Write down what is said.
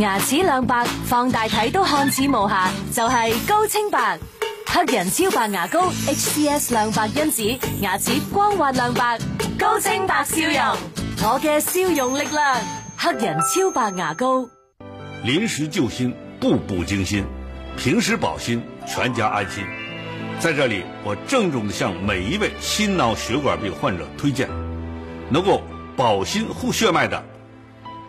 牙齒亮白，放大睇，都看似無瑕，就係、是、高清白，黑人超白牙膏 HCS 亮白因子，牙齒光滑亮白，高清白笑容。我嘅笑容力量，黑人超白牙膏。臨時救心，步步驚心，平時保心，全家安心。在這裏，我鄭重地向每一位心腦血管病患者推薦，能夠保心護血脈的。